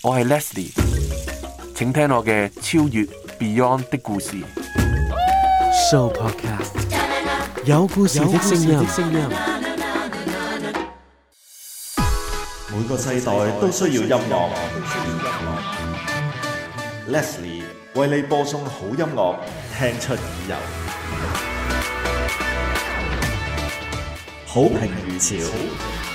我係 Leslie，請聽我嘅超越 Beyond 的故事。Show Podcast，有故事的聲音，每個世代都需要音樂。Leslie 為你播送好音樂，聽出耳油，好評如潮。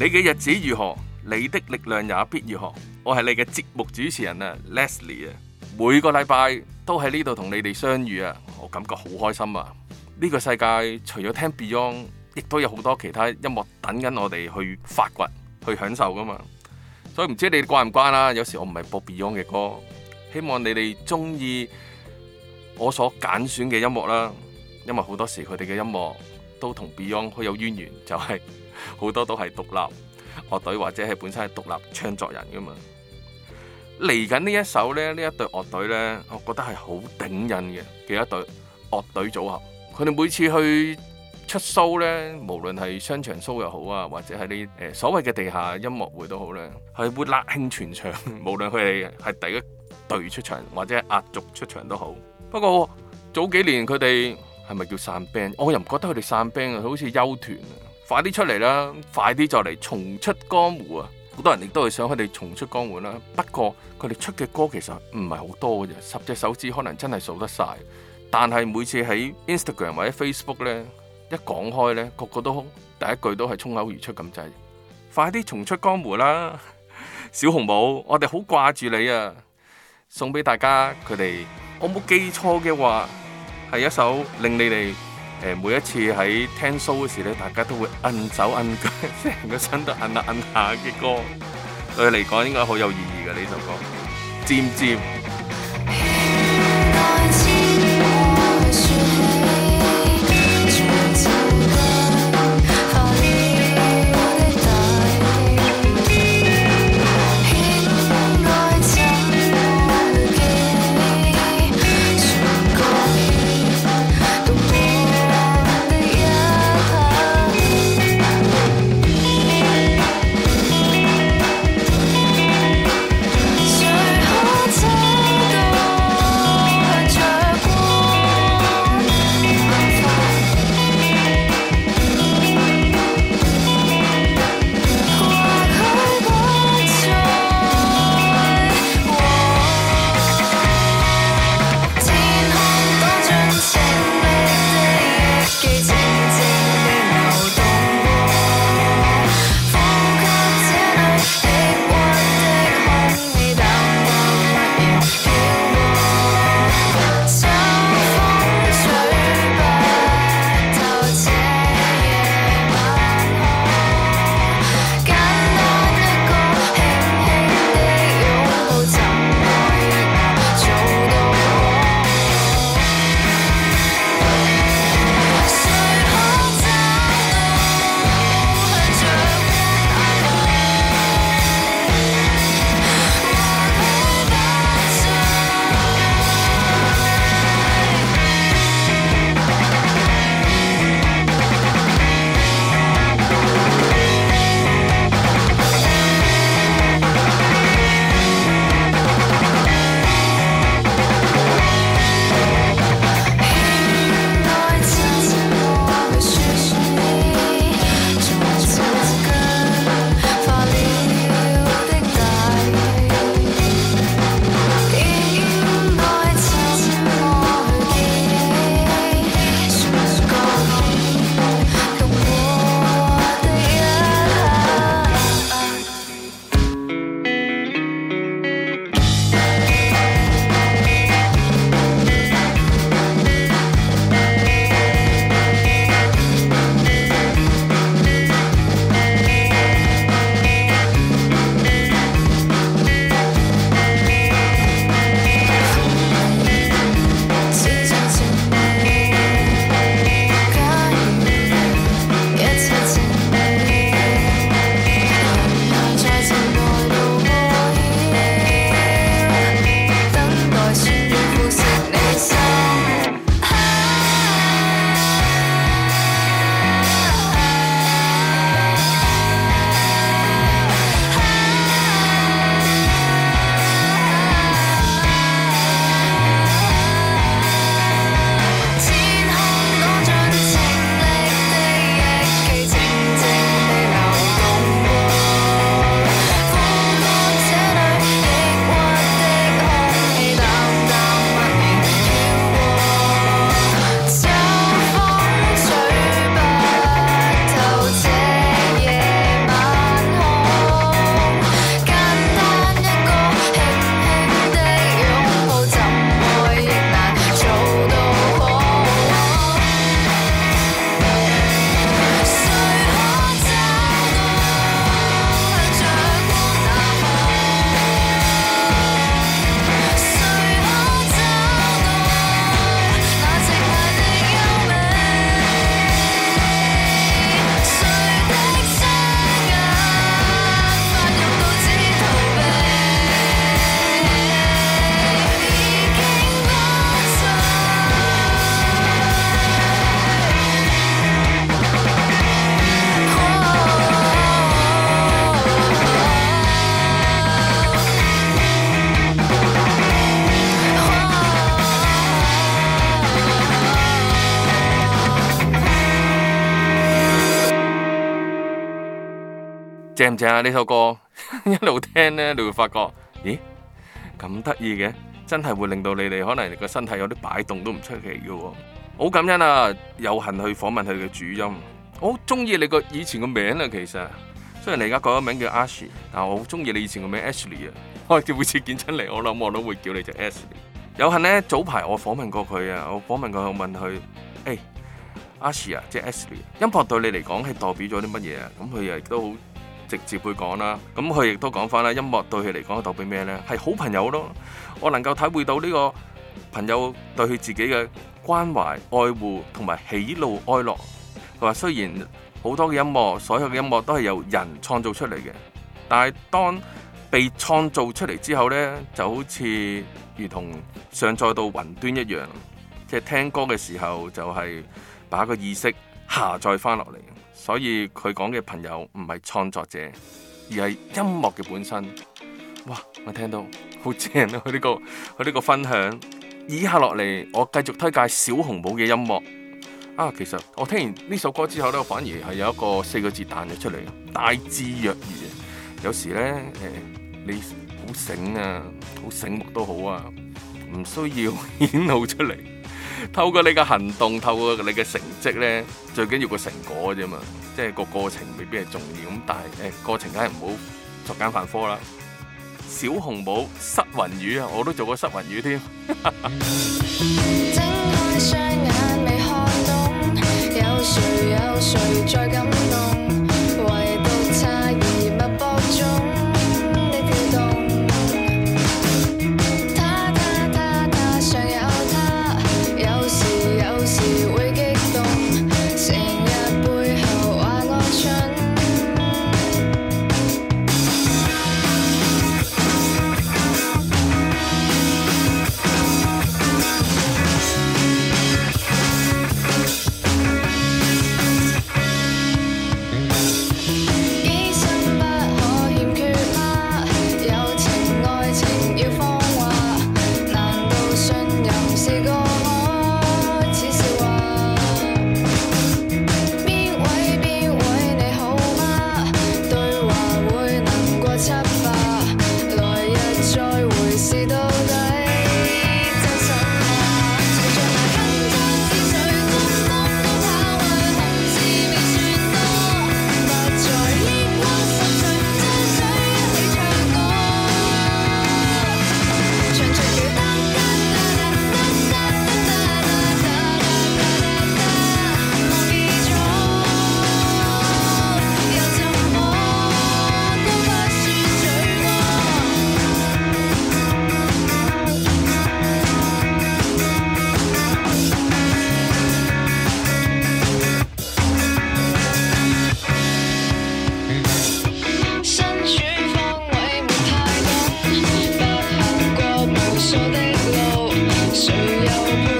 你嘅日子如何？你的力量也必如何？我係你嘅節目主持人啊，Leslie 啊，每個禮拜都喺呢度同你哋相遇啊，我感覺好開心啊！呢個世界除咗聽 Beyond，亦都有好多其他音樂等緊我哋去發掘、去享受噶嘛。所以唔知你哋關唔關啦？有時我唔係播 Beyond 嘅歌，希望你哋中意我所揀選嘅音樂啦，因為好多時佢哋嘅音樂都同 Beyond 好有淵源，就係。好多都係獨立樂隊或者係本身係獨立唱作人噶嘛。嚟緊呢一首咧，呢一隊樂隊咧，我覺得係好頂癮嘅。佢一隊樂隊組合，佢哋每次去出 show 咧，無論係商場 show 又好啊，或者係啲誒所謂嘅地下音樂會都好咧，係會壓興全場。無論佢哋係第一隊出場或者壓軸出場都好。不過早幾年佢哋係咪叫散 band？我又唔覺得佢哋散 band 啊，佢好似休團。快啲出嚟啦！快啲就嚟重出江湖啊！好多人亦都係想佢哋重出江湖啦。不過佢哋出嘅歌其實唔係好多嘅啫，十隻手指可能真係數得晒。但係每次喺 Instagram 或者 Facebook 呢，一講開呢，個個都第一句都係衝口而出咁滯。快啲重出江湖啦，小紅帽！我哋好掛住你啊！送俾大家，佢哋，我冇記錯嘅話係一首令你哋。每一次喺聽 show，嗰時候大家都會摁手摁腳，成個身都摁下摁下嘅歌，對你嚟講應該好有意義嘅呢首歌，漸漸。正唔正啊？呢首歌一路聽呢，你會發覺，咦，咁得意嘅，真係會令到你哋可能個身體有啲擺動都唔出奇嘅。好感恩啊！有幸去訪問佢嘅主音，我好中意你個以前個名啊。其實雖然你而家改咗名叫 Ashley，但我好中意你以前個名 Ashley 啊。我叫每次見親嚟，我諗我都會叫你隻 Ashley。有幸呢，早排我訪問過佢啊，我訪問佢，問佢，誒，Ashley 啊，即係 Ashley，音樂對你嚟講係代表咗啲乜嘢啊？咁佢又亦都好。直接會講啦，咁佢亦都講翻啦。音樂對佢嚟講代表咩呢？係好朋友咯。我能夠體會到呢個朋友對佢自己嘅關懷、愛護同埋喜怒哀樂。佢話雖然好多嘅音樂，所有嘅音樂都係由人創造出嚟嘅，但係當被創造出嚟之後呢，就好似如同上載到雲端一樣，即係聽歌嘅時候就係把個意識下載翻落嚟。所以佢講嘅朋友唔係創作者，而係音樂嘅本身。哇！我聽到好正啊，佢、呢、呢個佢呢、呢個分享。以下落嚟，我繼續推介小紅帽嘅音樂。啊，其實我聽完呢首歌之後咧，我反而係有一個四個字彈咗出嚟：大智若愚。有時咧，誒、呃，你好醒啊，好醒目都好啊，唔需要顯露出嚟。透過你嘅行動，透過你嘅成績咧，最緊要個成果嘅啫嘛，即係個過程未必係重要咁，但係誒過程梗係唔好作奸犯科啦。小紅帽、失魂魚啊，我都做過失魂魚添。走錯的路，誰又？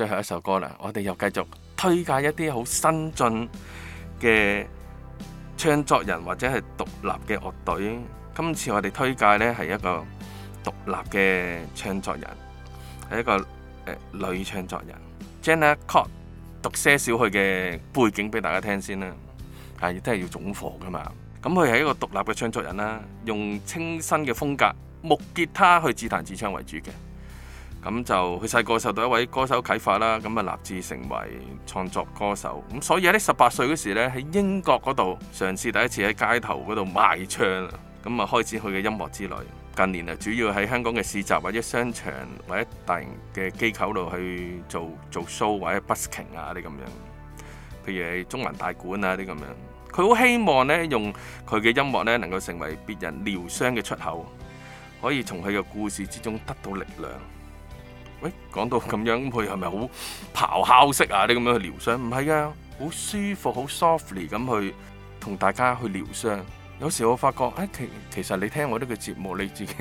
最後一首歌啦，我哋又繼續推介一啲好新進嘅唱作人或者係獨立嘅樂隊。今次我哋推介呢係一個獨立嘅唱作人，係一個、呃、女唱作人 Jenna Cott 讀些少佢嘅背景俾大家聽先啦，嚇亦都係要總貨㗎嘛。咁佢係一個獨立嘅唱作人啦，用清新嘅風格，木吉他去自彈自唱為主嘅。咁就佢細個受到一位歌手啟發啦，咁啊立志成為創作歌手。咁所以喺十八歲嗰時候呢，喺英國嗰度嘗試第一次喺街頭嗰度賣唱，咁啊開始佢嘅音樂之旅。近年啊，主要喺香港嘅市集或者商場或者大型嘅機構度去做做 show 或者 busking 啊啲咁樣，譬如喺中文大館啊啲咁樣。佢好希望呢，用佢嘅音樂呢，能夠成為別人療傷嘅出口，可以從佢嘅故事之中得到力量。喂，講到咁樣，佢係咪好咆哮式啊？你咁樣去療傷，唔係啊，好舒服，好 softly 咁去同大家去療傷。有時我發覺，哎，其其實你聽我呢個節目，你自己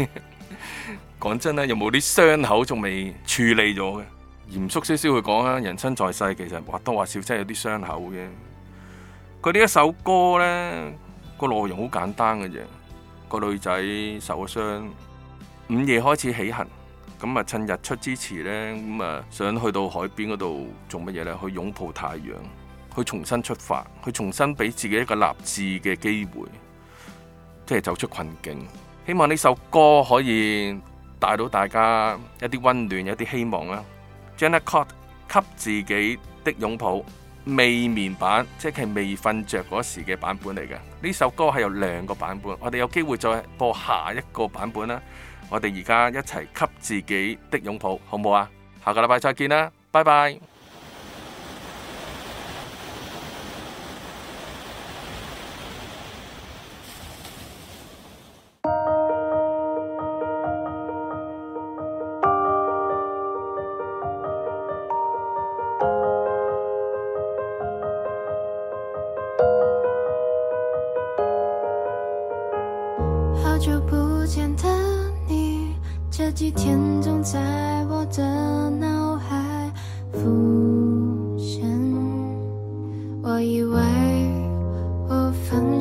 講真咧，有冇啲傷口仲未處理咗嘅？嚴肅少少去講啊，人生在世其實或多或少真係有啲傷口嘅。佢呢一首歌咧，個內容好簡單嘅啫，個女仔受咗傷，午夜開始起行。咁啊，趁日出之前呢，咁啊，想去到海邊嗰度做乜嘢呢？去擁抱太陽，去重新出發，去重新俾自己一個立志嘅機會，即係走出困境。希望呢首歌可以帶到大家一啲溫暖、一啲希望啦。Jenna Cot 給自己的擁抱未眠版，即係未瞓着嗰時嘅版本嚟嘅。呢首歌係有兩個版本，我哋有機會再播下一個版本啦。我哋而家一齊給自己的擁抱，好唔好啊？下個禮拜再見啦，拜拜。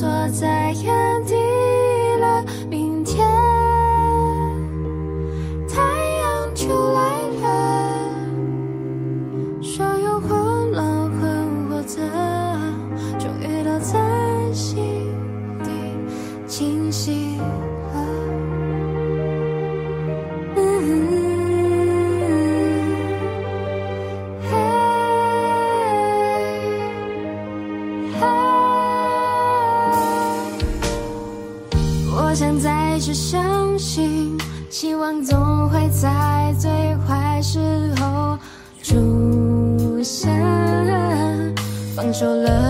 坐在。只相信，希望總會在最壞時候出現。放手了。